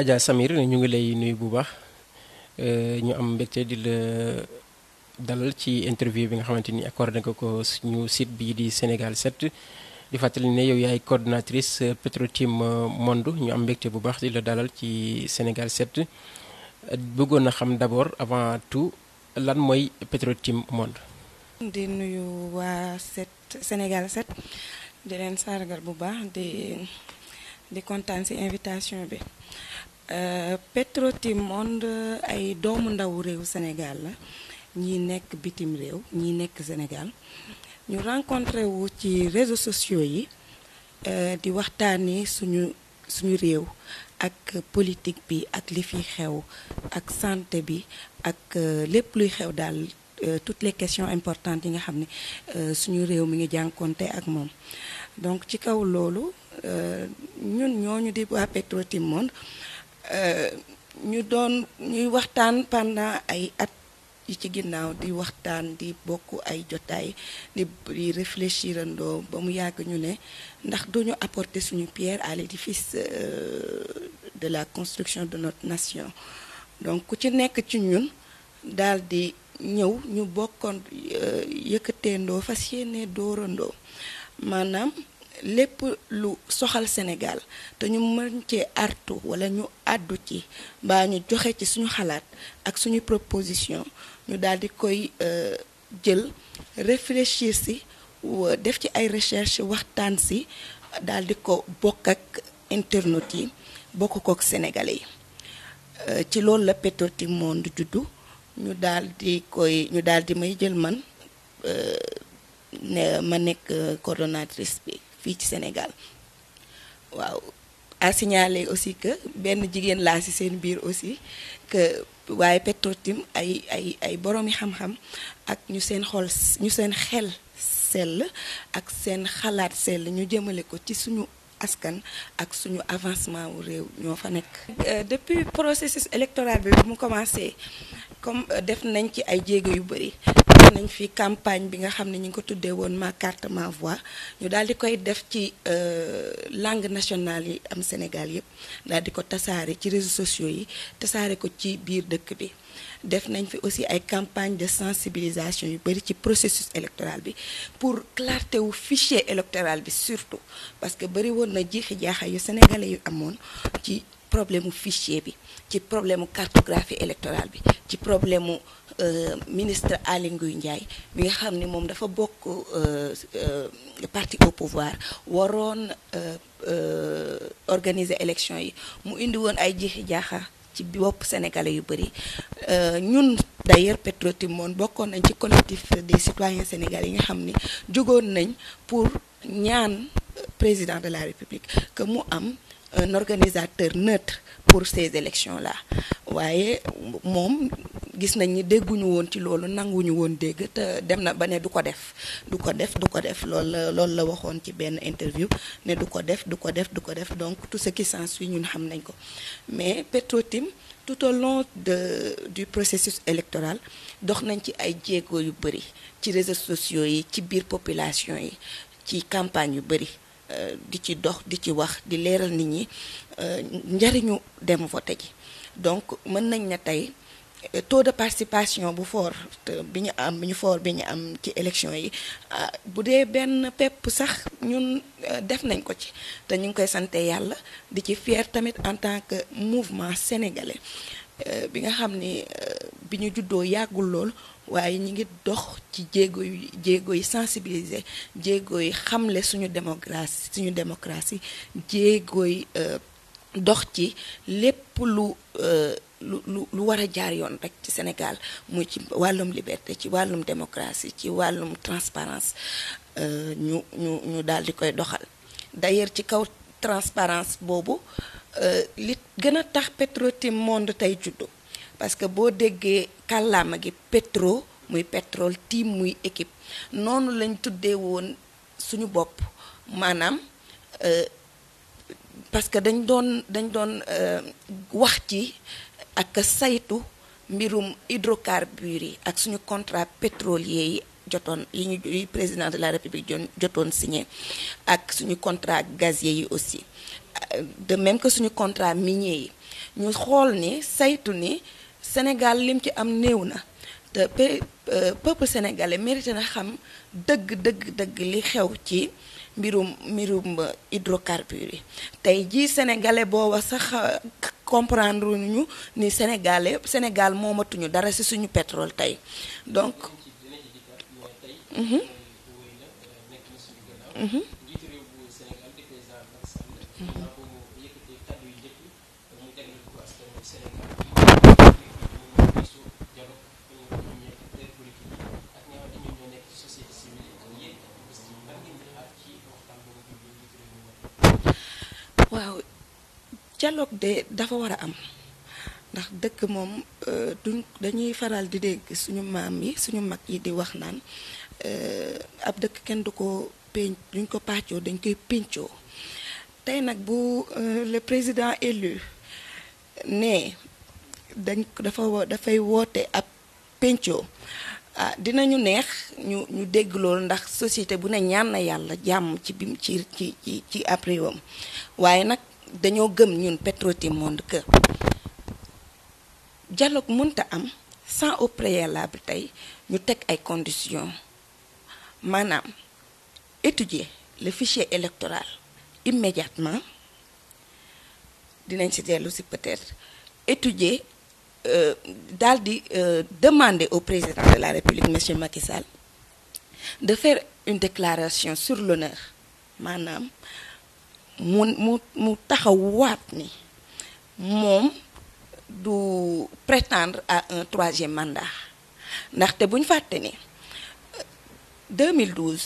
Adja Samir ñu ngi lay nuyu bu baax euh, ñu am mbégte di la dalal ci interview bi nga xamante ni accordé nga ko suñu site bii di Sénégal set di fàttali ne yow yaay coordonnatrice euh, Petrotim euh, Monde ñu am mbégte bu baax di la dalal ci Sénégal 7 bëggoon a xam d'abord avant tout lan mooy Petrotim Monde. di nuyu waa 7 Sénégal 7 di leen sargal bu baax di di kontaan ci invitation bi. Euh, Petrotimonde ay doomu ndawu réew Sénégal la ñi nekk bitim réew ñi nekk Sénégal ñu rencontré wu ci réseaux sociaux yi euh, di waxtaanee suñu suñu réew ak politique bi ak li fi xew ak santé bi ak euh, lépp luy xew daal toutes les questions importantes yi nga xam ne suñu réew mi ngi jànkonte ak moom donc ci kaw loolu ñun ñooñu di waa Petrotimonde Euh, ñu doon ñuy waxtaan pendant ay at yi ci ginnaaw di waxtaan di bokk ay jotaay di réfléchirandoo ba mu yàgg ñu ne ndax duñu apporter suñu pierre à l'édifice euh, de la construction de notre nation donc ku ci nekk ci ñun daal di ñëw ñu bokkoon euh, yëkkateendoo fas yéene doorandoo maanaam lépp lu soxal Sénégal te ñu mën ci artu wala ñu àddu ci mbaa ñu joxe ci suñu xalaat ak suñu proposition ñu daal di koy euh, jël réfléchir si def ci ay recherche waxtaan si daal di ko bokk ak internet yi bokk kook sénégalais yi euh, ci loolu la Petite du Monde juddu ñu daal koy ñu daal di may jël man euh, ne ma nekk coordonnatrice bi fii ci Sénégal waaw à aussi que benn jigéen laa ci seen biir aussi que waaye Petrotim ay ay ay boroomi xam-xam ak ñu seen xol ñu seen xel sell ak seen xalaat sell ñu jëmale ko ci suñu askan ak suñu avancement wu réew ñoo fa nekk. Euh, depuis processus électoral bi mu commencé comme euh, def nañ ci ay jéego yu bari nañ fi campagne bi nga xam ne ñu ngi ko tuddee woon ma carte ma voix ñu daal di koy def ci euh, langue nationale yi am Sénégal yëpp daal di ko tasaare ci réseaux sociaux yi tasaare ko ci biir dëkk bi def nañ fi aussi ay campagne de sensibilisation yu bëri ci processus électoral bi pour clarté wu fichier électoral bi surtout parce que bëri woon na jiixi jaaxa yu sénégalais yu amoon ci problème mu fichier bi ci problème mu cartographie électorale bi ci problème Euh, ministre Aly Ngouille Ndiaye mi nga xam ni moom dafa bokk euh, euh, parti au pouvoir waroon organiser élection yi mu indi woon ay jeexi jaaxa ci bopp sénégalais yu bëri ñun d'ailleurs Petro Timon bokkoon nañ ci collectif des citoyens sénégalais yi nga xam ni jógoon nañ pour ñaan président de la république que mu am un organisateur neutre pour ces élections là waaye moom gis nañ ni dégguñu woon ci loolu nanguñu woon dégg te dem na ba ne du ko def du ko def du ko def loolu loolu la waxoon ci benn interview ne du ko def du ko def du ko def donc tout ce qui ñun xam nañ ko mais Petrotim tout au long de du processus électoral dox nañ ci ay jéego yu bëri ci réseaux sociaux yi ci biir population yi ci campagne yu bëri euh, di ci dox di ci wax di leeral nit ñi euh, njariñu dem vote ji donc mën nañ na tey taux de participation bu foor bi ñu am bi ñu fort bi ñu am ci élection yi ah, bu dee benn pepp sax ñun euh, def nañ ko ci te ñu ngi koy sante yàlla di ci fier tamit en tant que mouvement sénégalais euh, bi nga xam ni euh, bi ñu juddoo yàggul lool waaye ñu ngi dox ci jéego yu jéego yi sensibiliser jéego yi xamle suñu démocratie suñu démocratie jéego yi dox ci lépp euh, lu lu lu war a jaar yoon rek ci Sénégal muy ci wàllum liberté ci wàllum démocratie ci wàllum transparence euh, ñu ñu ñu daal di koy doxal d'ailleurs ci kaw transparence boobu euh, li gën a tax Petro-Tim Monde tey juddu parce que boo déggee kàllaama gi Petro muy pétrole team muy équipe noonu lañ tuddee woon suñu bopp maanaam parce que dañ doon dañ doon euh, wax ci ak saytu mbirum hydrocarbures yi ak suñu contrat pétrolier yi jotoon yi ñu président de la république jotoon signé ak suñu contrat gazier yi aussi euh, de même que suñu contrat minier yi ñu xool ni saytu ni Sénégal lim ci am néew na te euh, peuple sénégalais mérité na xam dëgg dëgg dëgg li xew ci mbirum mbirum euh, hydrocarbures tey jii sénégalais booba sax euh, comprendre ñu ni sénégalais Sénégal moomatuñu dara ci suñu pétrole tey donc. waaw dialogue de dafa war a am ndax dëkk moom euh, duñ dañuy faral di dégg suñu maam yi suñu mag yi di wax naan euh, ab dëkk kenn du ko pénc duñ ko pàccoo dañ koy péncoo tey nag bu euh, le président élu ne dañ dafa dafay woote ab péncoo ah dinañu neex ñu ñu dégg loolu ndax société bu ne ñaan na yàlla jàmm ci bim ci ci ci ci ab réewam waaye nag dañoo gëm ñun Petro-Tim Monde que dialogue mënta am sans au préalable tey ñu teg ay conditions maanaam étudier le fichier électoral immédiatement dinañ si dellu si peut-être étudier Euh, daal di euh, demander au président de la République monsieur Macky Sall de faire une déclaration sur l'honneur maanaam mu mu mu taxaw waat ni moom du prétendre à un troisième mandat ndaxte bu ñu fàtte ni euh,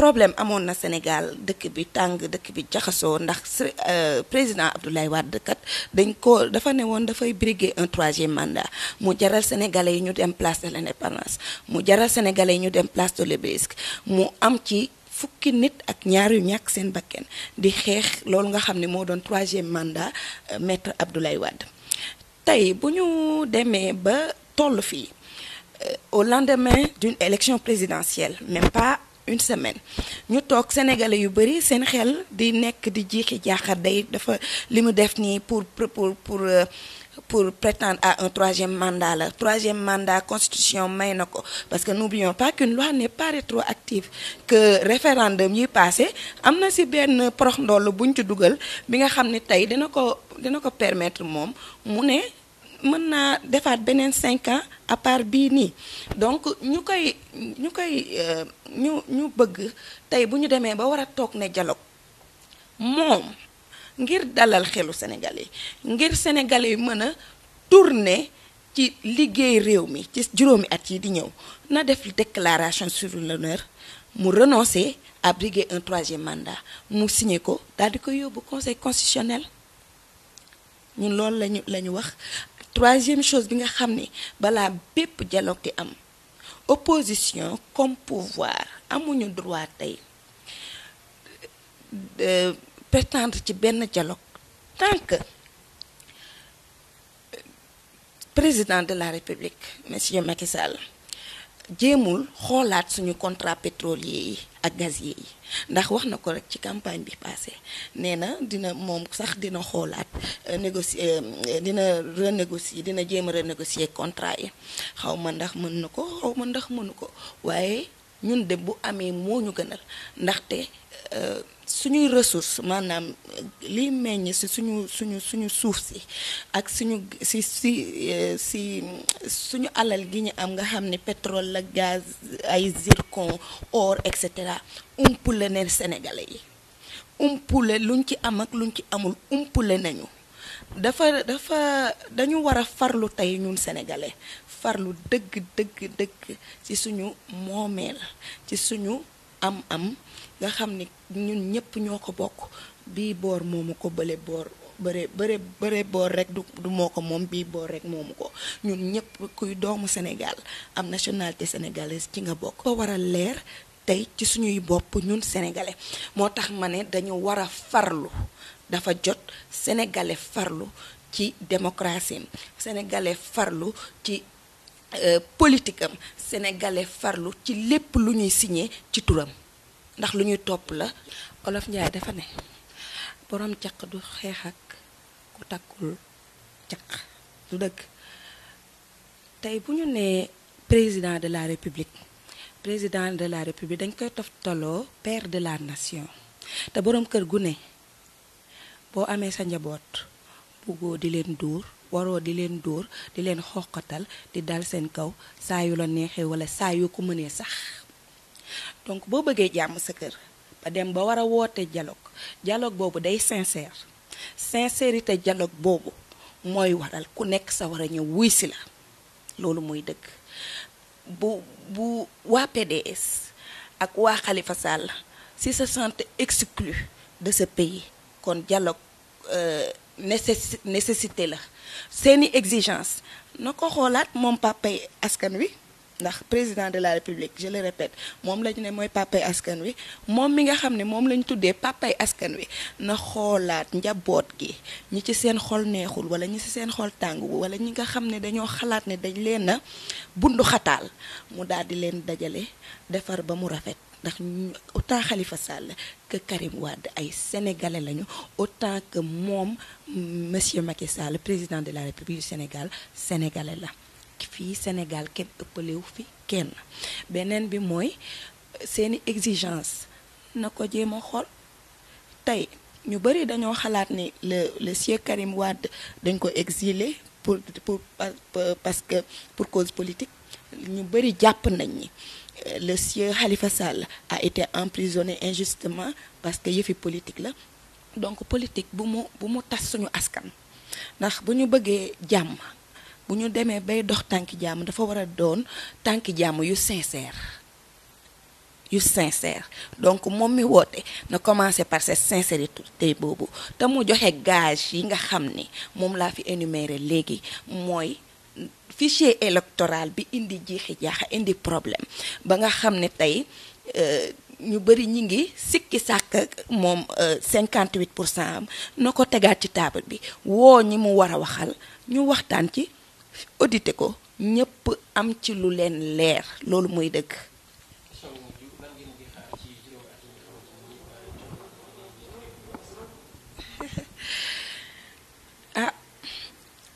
problème amoon na Sénégal dëkk bi tàng dëkk bi jaxasoo ndax euh, président Abdoulaye Wade kat dañ ko dafa ne woon dafay briguer un troisième mandat mu jaral sénégalais yi ñu dem place de l'indépendance mu jaral sénégalais ñu dem place de l'obélisque mu am ci fukki nit ak ñaar yu ñàkk seen bakken di xeex loolu nga xam ne moo doon troisième mandat euh, maître Abdoulaye Wade tey bu ñu demee ba toll fii euh, au lendemain d'une élection présidentielle même pas une semaine ñu toog sénégalais yu bëri seen xel di nekk di jiixi jaaxar day dafa li mu def nii pour pour pour euh, pour prétendre à un troisième mandat la troisième mandat constitution may na ko parce que n'oublions pas qu'une ne n'est pas rétroactive que référendum yi passé am na si benn prox ndoll buñ ci dugal bi nga xam ni tey dina ko dina ko permettre moom mu ne mën naa defaat beneen cinq ans à part bii nii donc ñu koy ñu koy euh, ñu ñu bëgg tey bu ñu demee ba war a toog ne dialogue moom ngir dalal xelu Sénégalais yi ngir Sénégalais yi mën a tourner ci liggéey réew mi ci juróomi at yi di ñëw na def déclaration sur l'honneur mu renoncer ab briguer un troisième mandat mu signe ko daal di ko yóbbu conseil constitutionnel ñun loolu lañu la wax troisième chose bi nga xam ni balaa bépp dialogue di am opposition comme pouvoir amuñu droit tey euh, prétendre ci benn dialogue tant que président de la république monsieur Macky jéemul xoolaat suñu contrat pétrolier yi ak gazier yi ndax wax na ko rek ci campagne bi passé nee na dina moom sax dina xoolaat euh, négocier euh, dina renégocier dina jéem a renégocier contrat yi xaw ma ndax mën na ko xaw ma ndax mënu ko waaye ñun de bu amee moo ñu gënal ndaxte Euh, suñuy ressource maanaam euh, liy meññ si suñu suñu suñu suuf si ak suñu si si euh, si suñu alal gi ñu am nga xam ni pétrole la gaz ay zircon or et cetera umpule neen sénégalais yi umpule luñ ci am ak luñ ci amul umpule nañu dafa dafa dañu war a farlu tey ñun sénégalais farlu dëgg dëgg dëgg ci suñu moomeel ci suñu am-am nga xam ni ñun ñëpp ñoo ko bokk bii boor moomu ko bële boor bëre bëre boor rek du moo ko moom bii boor rek moomu ko ñun ñëpp kuy doomu Sénégal am nationalité sénégalaise ci nga bokk. ko waral a leer tey ci suñuy bopp ñun sénégalais moo tax ma ne dañu war a farlu dafa jot sénégalais farlu ci démocratie sénégalais farlu ci. Euh, politique am sénégalais farlu ci lépp lu ñuy signe ci turam ndax lu ñuy topp la olof njaay dafa ne borom caq du xeexak ku takkul caq du dëkk tey bu ñu nee président de la république président de la république dañ koy toftaloo père de la nation te borom kër gu ne boo amee sa njaboot buggoo di leen dóor waroo di leen dóor di leen xoqatal di dal seen kaw saa yu la neexee wala saa yu ko mënee sax donc boo bëggee jàmm sa kër ba dem ba war a woote dialogue jaloog boobu day sincère sincérité dialogue boobu mooy waral ku nekk sa war a ñëw wuy si la loolu mooy dëgg bu bu waa PDS ak waa xalifa Sall si sa sentent exclus de ce pays kon dialogue euh, nécessité la seeni exigence na ko xoolaat moom papa askan wi ndax président de la république je le répète moom la ñu ne mooy papay askan wi moom mi nga xam ne moom la ñu tuddee papay askan wi na xoolaat njaboot gi ñi ci seen xool neexul wala ñi ci seen xool tàng wala ñi nga xam ne dañoo xalaat ne dañ leen bunduxataal mu daal di leen dajale defar ba mu rafet ndax autant xalifa Sall que Karim Wade ay sénégalais lañu autant que moom monsieur Macky Sall président de la république Sénégal sénégalais la. fii Sénégal kenn ëppalewu fi kenn beneen bi mooy seeni exigence na ko jéem a xool tey ñu bëri dañoo xalaat ni le le sieur Karim Wade dañ ko exilé pour pour parce que pour cause politique ñu bëri jàpp nañ ñi euh, le sieur Khalifa Sall a été emprisonné injustement parce que yëfi politique la donc politique bu mu bu mu tas suñu askan ndax bu ñu bëggee jàmm bu ñu demee bay dox tànki jàmm dafa war a doon tànki jàmm yu sincère yu sincère donc moom mi woote na commencer par cette sincérité boobu te mu joxe gage yi nga xam ni moom laa fi énumérer léegi mooy fichier électoral bi indi jiixi jaaxa indi problème ba nga xam ne tey euh, ñu bëri ñu ngi sikki sàkk moom 58 euh, pour cent am na ko tegaat ci table bi woo ñi mu war a waxal ñu waxtaan ci audité ko ñépp am ci lu leen leer loolu mooy dëgg. ah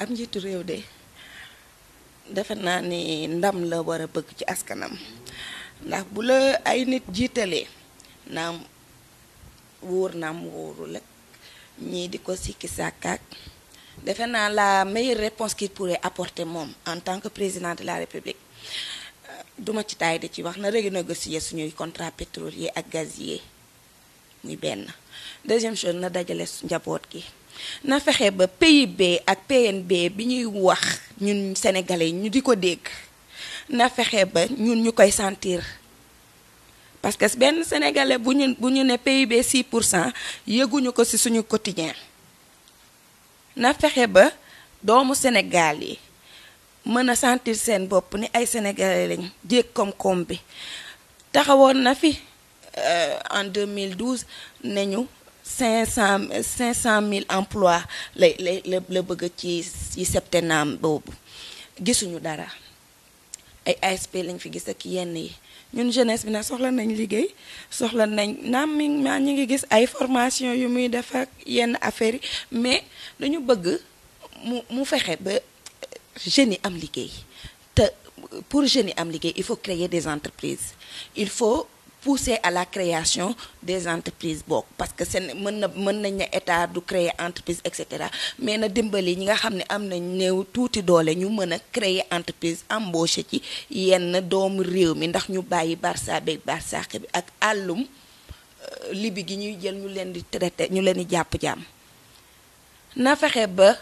am njiitu réew de defe naa ni ndam la war a bëgg ci askanam ndax bu la ay nit jiitalee naam wóor naam wóoru lekk ñii di ko sikki sàkkaak defe naa la meilleure réponse pour pourrait apporter moom en tant que président de la république euh, duma ci taay di ci wax na renégocier suñuy contrat pétrolier ak gazier muy benn deuxième chose na dajale njaboot gi na fexe ba PIB ak PNB bi ñuy wax ñun sénégalais ñu di ko dégg na fexe ba ñun ñu koy sentir parce que benn sénégalais bu ñu bu ñu ne PIB 6 pour cent yëguñu ko si suñu quotidien na fexe ba doomu Sénégal yi mën a sentir seen bopp ni ay sénégalais lañ jéeg koom bi taxawoon na fi euh, en 2012 ne ñu 500 500000 cent mille lay la bëgg ci ci septennam boobu gisuñu dara ay ASP lañ fi gis ak yenn yi. ñun jeunesse bi na soxla nañ liggéey soxla nañ naam mi maa ñu ngi gis ay formation yu muy def yenn affaire mais dañu bëgg mu mu fexe ba jeunes yi am liggéey te pour jeunes yi am liggéey il faut créer des entreprises il faut pousser à la création des entreprises bokk parce que seen mën na mën nañ ne état du créer entreprise et cetera mais na dimbali ñi nga xam ne am nañ néew tuuti doole ñu mën a créer entreprise embauché ci yenn doomu réew mi ndax ñu bàyyi barça beeg barsàq bi ak àllum euh, libi gi ñuy jël ñu leen di traité ñu leen di jàpp jàmm na fexe ba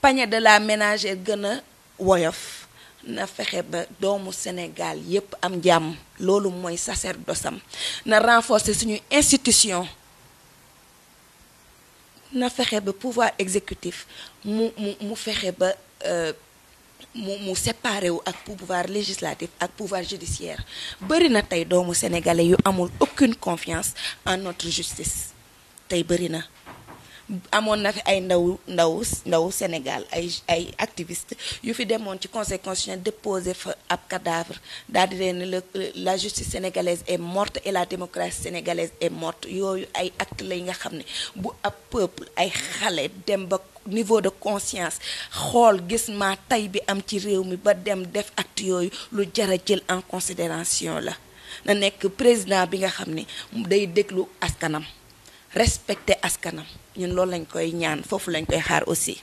panier de la ménagère gën a woyof na fexe ba doomu Sénégal yépp am jàmm loolu mooy sacerdosam na renforcer suñu institution na fexe ba pouvoir exécutif mu mu mu fexe ba euh, mu mu séparé wu ak pouvoir législatif ak pouvoir judiciaire bëri na tey doomu sénégalais yu amul aucune confiance en notre justice tey bëri na amoon na fi ay ndaw ndaw ndaw Sénégal ay ay activiste yu fi demoon ci conseil constitutionnel déposé fa ab cadavre daal di leen la justice sénégalaise est morte et la démocratie sénégalaise est morte yooyu ay acte la yi nga xam ne bu ab peuple ay xale dem ba niveau de conscience xool gis ma tey bi am ci réew mi ba dem def acte yooyu lu jara jël en considération la na nekk président bi nga xam ne day déglu askanam respecté askanam ñun loolu lañ koy ñaan foofu lañ koy xaar aussi